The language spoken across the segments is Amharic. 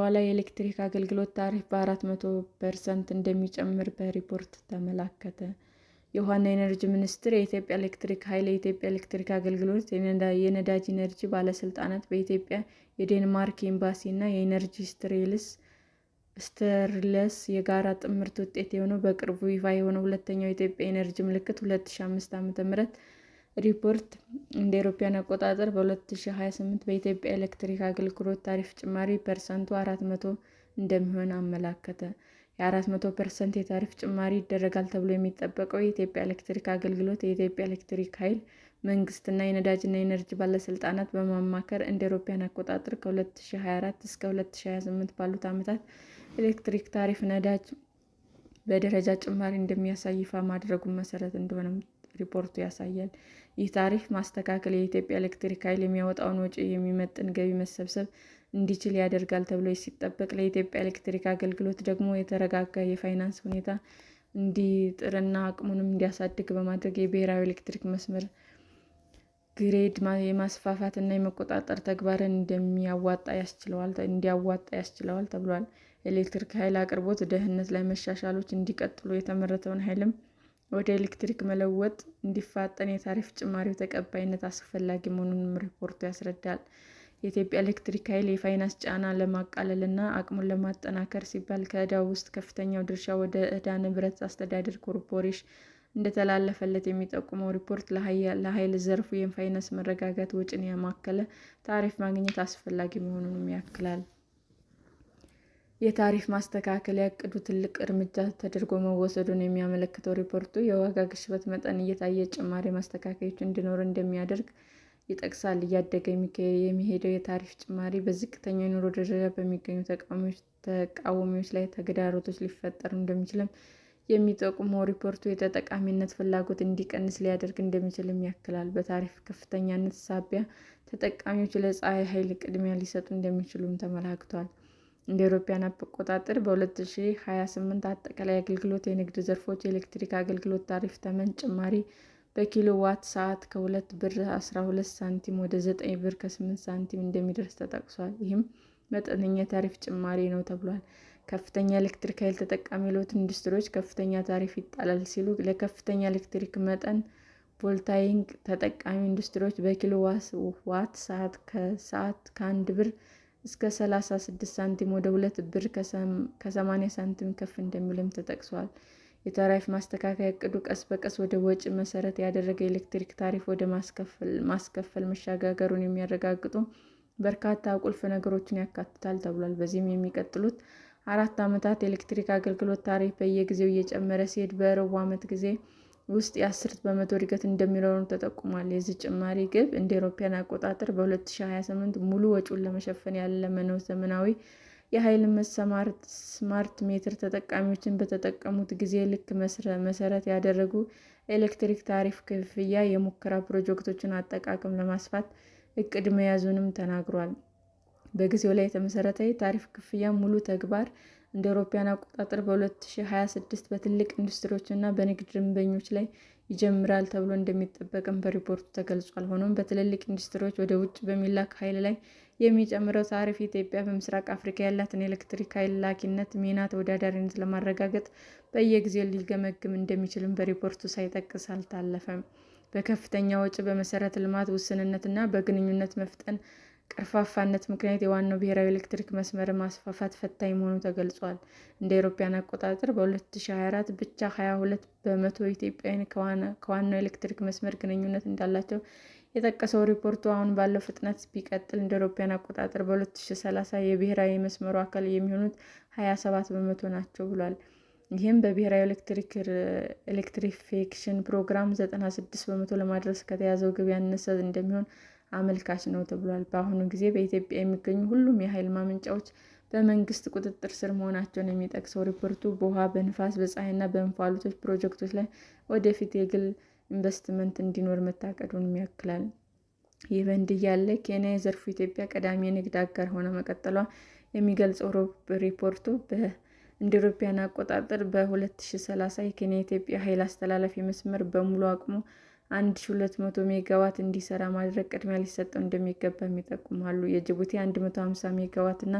በኋላ የኤሌክትሪክ አገልግሎት ታሪፍ በ400 ፐርሰንት እንደሚጨምር በሪፖርት ተመላከተ። የውኃና ኢነርጂ ሚኒስቴር የኢትዮጵያ ኤሌክትሪክ ኃይል የኢትዮጵያ ኤሌክትሪክ አገልግሎት፣ የነዳጅ ኢነርጂ ባለስልጣናት በኢትዮጵያ የዴንማርክ ኤምባሲ እና የኢነርጂ ስተርለስ የጋራ ጥምረት ውጤት የሆነው በቅርቡ ይፋ የሆነው ሁለተኛው የኢትዮጵያ ኢነርጂ ምልክት 2005 ዓ.ም ሪፖርት እንደ አውሮፓውያን አቆጣጠር በ2028 በኢትዮጵያ ኤሌክትሪክ አገልግሎት ታሪፍ ጭማሪ ፐርሰንቱ 400 እንደሚሆን አመላከተ። የ400 ፐርሰንት የታሪፍ ጭማሪ ይደረጋል ተብሎ የሚጠበቀው የኢትዮጵያ ኤሌክትሪክ አገልግሎት፣ የኢትዮጵያ ኤሌክትሪክ ኃይል፣ መንግስትና የነዳጅና ኤነርጂ ባለስልጣናት በማማከር እንደ አውሮፓውያን አቆጣጠር ከ2024 እስከ 2028 ባሉት ዓመታት ኤሌክትሪክ ታሪፍ ነዳጅ በደረጃ ጭማሪ እንደሚያሳይ ይፋ ማድረጉን መሰረት እንደሆነም ሪፖርቱ ያሳያል። ይህ ታሪፍ ማስተካከል የኢትዮጵያ ኤሌክትሪክ ኃይል የሚያወጣውን ወጪ የሚመጥን ገቢ መሰብሰብ እንዲችል ያደርጋል ተብሎ ሲጠበቅ፣ ለኢትዮጵያ ኤሌክትሪክ አገልግሎት ደግሞ የተረጋጋ የፋይናንስ ሁኔታ እንዲጥርና አቅሙንም እንዲያሳድግ በማድረግ የብሔራዊ ኤሌክትሪክ መስመር ግሬድ የማስፋፋት የመቆጣጠር ተግባርን እንደሚያዋጣ ያስችለዋል እንዲያዋጣ ያስችለዋል ተብሏል። የኤሌክትሪክ ኃይል አቅርቦት ደህንነት ላይ መሻሻሎች እንዲቀጥሉ የተመረተውን ኃይልም ወደ ኤሌክትሪክ መለወጥ እንዲፋጠን የታሪፍ ጭማሪው ተቀባይነት አስፈላጊ መሆኑንም ሪፖርቱ ያስረዳል። የኢትዮጵያ ኤሌክትሪክ ኃይል የፋይናንስ ጫና ለማቃለል አቅሙን ለማጠናከር ሲባል ከዕዳው ውስጥ ከፍተኛው ድርሻ ወደ ዕዳ ንብረት አስተዳደር ኮርፖሬሽን እንደተላለፈለት የሚጠቁመው ሪፖርት፣ ለኃይል ዘርፉ የፋይናንስ መረጋጋት ወጪን ያማከለ ታሪፍ ማግኘት አስፈላጊ መሆኑንም ያክላል። የታሪፍ ማስተካከያ እቅዱ ትልቅ እርምጃ ተደርጎ መወሰዱን የሚያመለክተው ሪፖርቱ፣ የዋጋ ግሽበት መጠን እየታየ ጭማሪ ማስተካከያዎች እንዲኖር እንደሚያደርግ ይጠቅሳል። እያደገ የሚሄደው የታሪፍ ጭማሪ በዝቅተኛ የኑሮ ደረጃ በሚገኙ ተቃዋሚዎች ላይ ተግዳሮቶች ሊፈጠር እንደሚችልም የሚጠቁመው ሪፖርቱ፣ የተጠቃሚነት ፍላጎት እንዲቀንስ ሊያደርግ እንደሚችልም ያክላል። በታሪፍ ከፍተኛነት ሳቢያ ተጠቃሚዎች ለፀሐይ ኃይል ቅድሚያ ሊሰጡ እንደሚችሉም ተመላክቷል። እንደ አውሮፓውያን አቆጣጠር በ2028 አጠቃላይ አገልግሎት የንግድ ዘርፎች የኤሌክትሪክ አገልግሎት ታሪፍ ተመን ጭማሪ በኪሎዋት ሰዓት ከ2 ብር 12 ሳንቲም ወደ 9 ብር ከ8 ሳንቲም እንደሚደርስ ተጠቅሷል። ይህም መጠነኛ ታሪፍ ጭማሪ ነው ተብሏል። ከፍተኛ የኤሌክትሪክ ኃይል ተጠቃሚ ለሆኑት ኢንዱስትሪዎች ከፍተኛ ታሪፍ ይጣላል ሲሉ፣ ለከፍተኛ ኤሌክትሪክ መጠን ቮልታይንግ ተጠቃሚ ኢንዱስትሪዎች በኪሎዋት ሰዓት ከአንድ ብር እስከ 36 ሳንቲም ወደ 2 ብር ከ80 ሳንቲም ከፍ እንደሚልም ተጠቅሷል። የታሪፍ ማስተካከያ እቅዱ ቀስ በቀስ ወደ ወጪ መሰረት ያደረገ የኤሌክትሪክ ታሪፍ ወደ ማስከፈል መሸጋገሩን የሚያረጋግጡ በርካታ ቁልፍ ነገሮችን ያካትታል ተብሏል። በዚህም የሚቀጥሉት አራት ዓመታት የኤሌክትሪክ አገልግሎት ታሪፍ በየጊዜው እየጨመረ ሲሄድ በሩብ ዓመት ጊዜ ውስጥ የ10 በመቶ እድገት እንደሚኖረው ተጠቁሟል። የዚህ ጭማሪ ግብ እንደ አውሮፓውያን አቆጣጠር በ2028 ሙሉ ወጪውን ለመሸፈን ያለመ ነው። ዘመናዊ የኃይል ስማርት ሜትር ተጠቃሚዎችን በተጠቀሙት ጊዜ ልክ መሠረት ያደረጉ የኤሌክትሪክ ታሪፍ ክፍያ የሙከራ ፕሮጀክቶችን አጠቃቀም ለማስፋት እቅድ መያዙንም ተናግሯል። በጊዜው ላይ የተመሠረተ የታሪፍ ክፍያ ሙሉ ተግባር እንደ አውሮፓውያን አቆጣጠር በ2026 በትልቅ ኢንዱስትሪዎች እና በንግድ ደንበኞች ላይ ይጀምራል ተብሎ እንደሚጠበቅም በሪፖርቱ ተገልጿል። ሆኖም በትልልቅ ኢንዱስትሪዎች ወደ ውጭ በሚላክ ኃይል ላይ የሚጨምረው ታሪፍ ኢትዮጵያ በምስራቅ አፍሪካ ያላትን ኤሌክትሪክ ኃይል ላኪነት ሚና ተወዳዳሪነት ለማረጋገጥ በየጊዜው ሊገመግም እንደሚችልም በሪፖርቱ ሳይጠቅስ አልታለፈም። በከፍተኛ ወጪ፣ በመሰረተ ልማት ውስንነት እና በግንኙነት መፍጠን ቀርፋፋነት ምክንያት የዋናው ብሔራዊ ኤሌክትሪክ መስመር ማስፋፋት ፈታኝ መሆኑ ተገልጿል። እንደ አውሮፓውያን አቆጣጠር በ2024 ብቻ 22 በመቶ ኢትዮጵያውያን ከዋናው ኤሌክትሪክ መስመር ግንኙነት እንዳላቸው የጠቀሰው ሪፖርቱ አሁን ባለው ፍጥነት ቢቀጥል እንደ አውሮፓውያን አቆጣጠር በ2030 የብሔራዊ መስመሩ አካል የሚሆኑት 27 በመቶ ናቸው ብሏል። ይህም በብሔራዊ ኤሌክትሪፊኬሽን ፕሮግራም 96 በመቶ ለማድረስ ከተያዘው ግብ ያነሰ እንደሚሆን አመልካች ነው ተብሏል። በአሁኑ ጊዜ በኢትዮጵያ የሚገኙ ሁሉም የኃይል ማመንጫዎች በመንግስት ቁጥጥር ስር መሆናቸውን የሚጠቅሰው ሪፖርቱ በውሃ፣ በንፋስ፣ በፀሐይና በእንፋሎት ፕሮጀክቶች ላይ ወደፊት የግል ኢንቨስትመንት እንዲኖር መታቀዱንም ያክላል። ይህ በእንዲህ እያለ ኬንያ የዘርፉ ኢትዮጵያ ቀዳሚ የንግድ አጋር ሆና መቀጠሏ የሚገልጸው ሪፖርቱ እንደ አውሮፓውያን አቆጣጠር በ2030 የኬንያ ኢትዮጵያ ኃይል አስተላላፊ መስመር በሙሉ አቅሙ አንድ ሺ ሁለት መቶ ሜጋዋት እንዲሰራ ማድረግ ቅድሚያ ሊሰጠው እንደሚገባም ይጠቁማሉ። የጅቡቲ አንድ መቶ ሀምሳ ሜጋዋት እና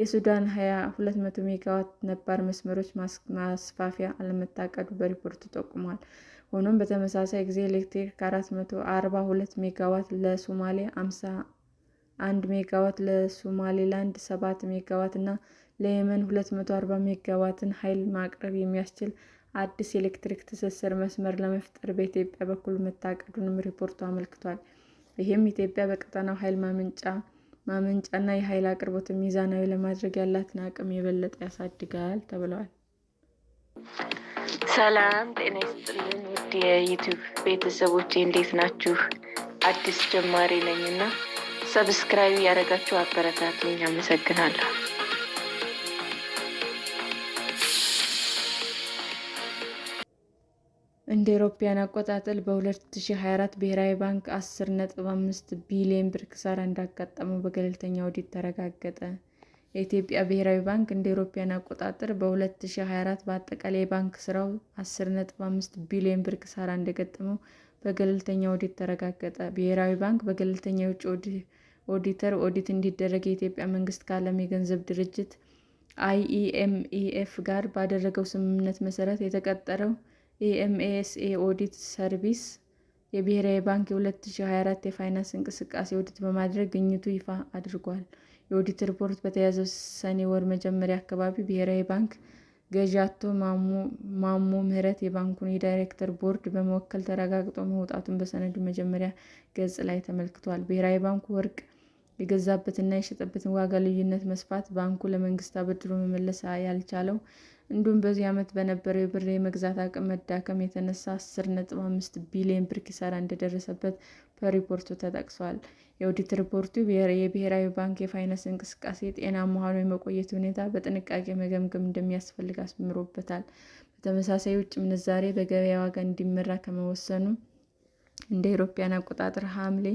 የሱዳን ሀያ ሁለት መቶ ሜጋዋት ነባር መስመሮች ማስፋፊያ አለመታቀዱ በሪፖርቱ ጠቁሟል። ሆኖም በተመሳሳይ ጊዜ ኤሌክትሪክ ከአራት መቶ አርባ ሁለት ሜጋዋት ለሶማሌ፣ አምሳ አንድ ሜጋዋት ለሶማሌላንድ፣ ሰባት ሜጋዋት እና ለየመን ሁለት መቶ አርባ ሜጋዋትን ኃይል ማቅረብ የሚያስችል አዲስ የኤሌክትሪክ ትስስር መስመር ለመፍጠር በኢትዮጵያ በኩል መታቀዱንም ሪፖርቱ አመልክቷል። ይህም ኢትዮጵያ በቀጠናው ኃይል ማመንጫና የኃይል አቅርቦትን ሚዛናዊ ለማድረግ ያላትን አቅም የበለጠ ያሳድጋል ተብለዋል። ሰላም ጤና ይስጥልን ውድ የዩቲዩብ ቤተሰቦች እንዴት ናችሁ? አዲስ ጀማሪ ነኝና ሰብስክራይብ ያደረጋችሁ አበረታቱኝ። አመሰግናለሁ። እንደ አውሮፓውያን አቆጣጠር በ2024 ብሔራዊ ባንክ 10.5 ቢሊዮን ብር ክሳራ እንዳጋጠመው በገለልተኛ ኦዲት ተረጋገጠ። የኢትዮጵያ ብሔራዊ ባንክ እንደ አውሮፓውያን አቆጣጠር በ2024 በአጠቃላይ የባንክ ስራው 10.5 ቢሊዮን ብር ክሳራ እንደገጠመው በገለልተኛ ኦዲት ተረጋገጠ። ብሔራዊ ባንክ በገለልተኛ የውጭ ኦዲተር ኦዲት እንዲደረግ የኢትዮጵያ መንግስት ከዓለም የገንዘብ ድርጅት አይኤምኤፍ ጋር ባደረገው ስምምነት መሰረት የተቀጠረው ኤኤምኤስ ኦዲት ሰርቪስ የብሔራዊ ባንክ የ2024 የፋይናንስ እንቅስቃሴ ኦዲት በማድረግ ግኝቱ ይፋ አድርጓል። የኦዲት ሪፖርት በተያያዘው ሰኔ ወር መጀመሪያ አካባቢ ብሔራዊ ባንክ ገዢ አቶ ማሞ ምህረት የባንኩን የዳይሬክተር ቦርድ በመወከል ተረጋግጦ መውጣቱን በሰነዱ መጀመሪያ ገጽ ላይ ተመልክቷል። ብሔራዊ ባንኩ ወርቅ የገዛበትና የሸጠበትን ዋጋ ልዩነት መስፋት ባንኩ ለመንግስት አበድሮ መመለስ ያልቻለው እንዲሁም በዚህ ዓመት በነበረው የብር የመግዛት አቅም መዳከም የተነሳ 10.5 ቢሊዮን ብር ኪሳራ እንደደረሰበት በሪፖርቱ ተጠቅሷል። የኦዲት ሪፖርቱ የብሔራዊ ባንክ የፋይናንስ እንቅስቃሴ ጤናማ ሆኖ የመቆየት ሁኔታ በጥንቃቄ መገምገም እንደሚያስፈልግ አስምሮበታል። በተመሳሳይ ውጭ ምንዛሬ በገበያ ዋጋ እንዲመራ ከመወሰኑ እንደ አውሮፓውያን አቆጣጠር ሐምሌ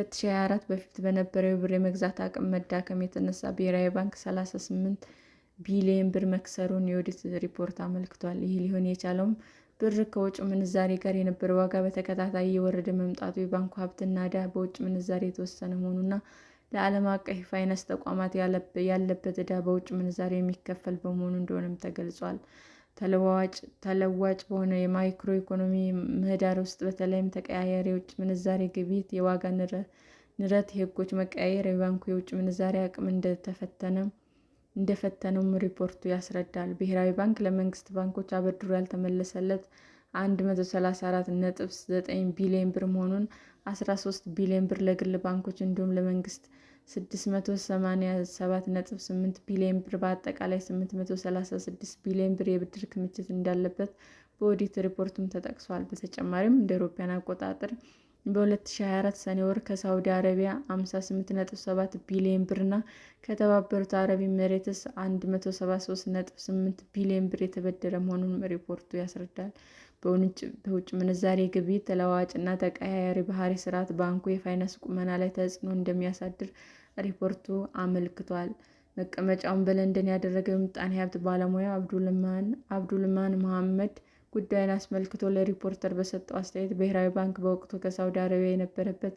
2024 በፊት በነበረው የብር የመግዛት አቅም መዳከም የተነሳ ብሔራዊ ባንክ 38 ቢሊየን ብር መክሰሩን የኦዲት ሪፖርት አመልክቷል። ይህ ሊሆን የቻለውም ብር ከውጭ ምንዛሬ ጋር የነበረ ዋጋ በተከታታይ እየወረደ መምጣቱ፣ የባንኩ ሀብትና ዕዳ በውጭ ምንዛሬ የተወሰነ መሆኑና ለዓለም አቀፍ የፋይናንስ ተቋማት ያለበት ዕዳ በውጭ ምንዛሬ የሚከፈል በመሆኑ እንደሆነም ተገልጿል። ተለዋጭ በሆነ የማይክሮ ኢኮኖሚ ምህዳር ውስጥ በተለይም ተቀያያሪ የውጭ ምንዛሬ ግብይት፣ የዋጋ ንረት የህጎች መቀያየር የባንኩ የውጭ ምንዛሬ አቅም እንደተፈተነ እንደፈተነውም ሪፖርቱ ያስረዳል። ብሔራዊ ባንክ ለመንግስት ባንኮች አበድሮ ያልተመለሰለት 134.9 ቢሊዮን ብር መሆኑን፣ 13 ቢሊዮን ብር ለግል ባንኮች እንዲሁም ለመንግስት 687.8 ቢሊዮን ብር በአጠቃላይ 836 ቢሊዮን ብር የብድር ክምችት እንዳለበት በኦዲት ሪፖርቱም ተጠቅሷል። በተጨማሪም እንደ አውሮፓውያን አቆጣጠር በ2024 ሰኔ ወር ከሳዑዲ አረቢያ 58.7 ቢሊዮን ብር እና ከተባበሩት አረብ ኤምሬትስ 173.8 ቢሊዮን ብር የተበደረ መሆኑን ሪፖርቱ ያስረዳል። በውጭ ምንዛሬ ግብይት፣ እና ተቀያያሪ ባህሪ ስርዓት ባንኩ የፋይናንስ ቁመና ላይ ተጽዕኖ እንደሚያሳድር ሪፖርቱ አመልክቷል። መቀመጫውን በለንደን ያደረገው የምጣኔ ሀብት ባለሙያ አብዱልማን መሐመድ ጉዳይን አስመልክቶ ለሪፖርተር በሰጠው አስተያየት ብሔራዊ ባንክ በወቅቱ ከሳውዲ አረቢያ የነበረበት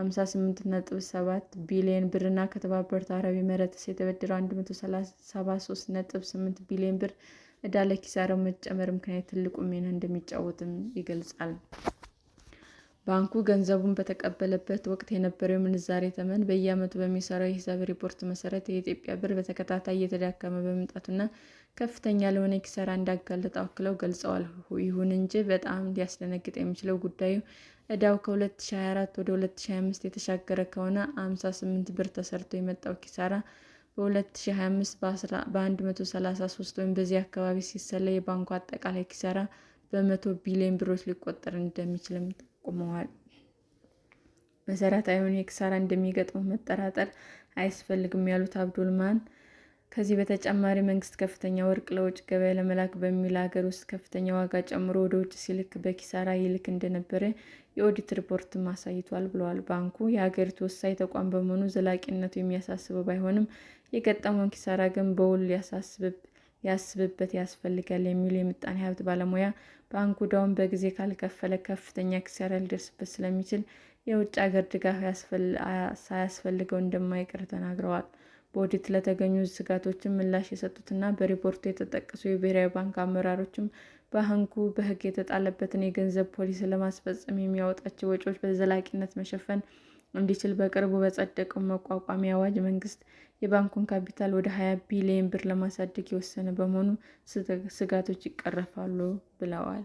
58.7 ቢሊዮን ብርና ከተባበሩት አረብ ኤምሬትስ የተበደረው 137.8 ቢሊዮን ብር ዕዳ ለኪሳራው መጨመር ምክንያት ትልቁ ሚና እንደሚጫወትም ይገልጻል። ባንኩ ገንዘቡን በተቀበለበት ወቅት የነበረው የምንዛሬ ተመን በየዓመቱ በሚሰራው የሂሳብ ሪፖርት መሰረት የኢትዮጵያ ብር በተከታታይ እየተዳከመ በመምጣቱና ከፍተኛ ለሆነ ኪሳራ እንዳጋለጠው አክለው ገልጸዋል። ይሁን እንጂ በጣም ሊያስደነግጥ የሚችለው ጉዳዩ እዳው ከ2024 ወደ 2025 የተሻገረ ከሆነ 58 ብር ተሰርቶ የመጣው ኪሳራ በ2025 በ133 ወይም በዚህ አካባቢ ሲሰላ የባንኩ አጠቃላይ ኪሳራ በመቶ ቢሊዮን ብሮች ሊቆጠር እንደሚችልም ጠቁመዋል። መሰረታዊ የሆነ ኪሳራ እንደሚገጥመው መጠራጠር አያስፈልግም ያሉት አብዱልማን ከዚህ በተጨማሪ መንግስት ከፍተኛ ወርቅ ለውጭ ገበያ ለመላክ በሚል ሀገር ውስጥ ከፍተኛ ዋጋ ጨምሮ ወደ ውጭ ሲልክ በኪሳራ ይልክ እንደነበረ የኦዲት ሪፖርት አሳይቷል ብለዋል። ባንኩ የሀገሪቱ ወሳኝ ተቋም በመሆኑ ዘላቂነቱ የሚያሳስበው ባይሆንም የገጠመውን ኪሳራ ግን በውል ያስብበት ያስፈልጋል የሚሉ የምጣኔ ሀብት ባለሙያ ባንኩ ዕዳውን በጊዜ ካልከፈለ ከፍተኛ ኪሳራ ሊደርስበት ስለሚችል የውጭ ሀገር ድጋፍ ሳያስፈልገው እንደማይቀር ተናግረዋል። በኦዲት ለተገኙ ስጋቶችም ምላሽ የሰጡትና በሪፖርቱ የተጠቀሱ የብሔራዊ ባንክ አመራሮችም ባንኩ በሕግ የተጣለበትን የገንዘብ ፖሊሲ ለማስፈጸም የሚያወጣቸው ወጪዎች በዘላቂነት መሸፈን እንዲችል በቅርቡ በጸደቀው መቋቋሚያ አዋጅ መንግስት የባንኩን ካፒታል ወደ ሀያ ቢሊዮን ብር ለማሳደግ የወሰነ በመሆኑ ስጋቶች ይቀረፋሉ ብለዋል።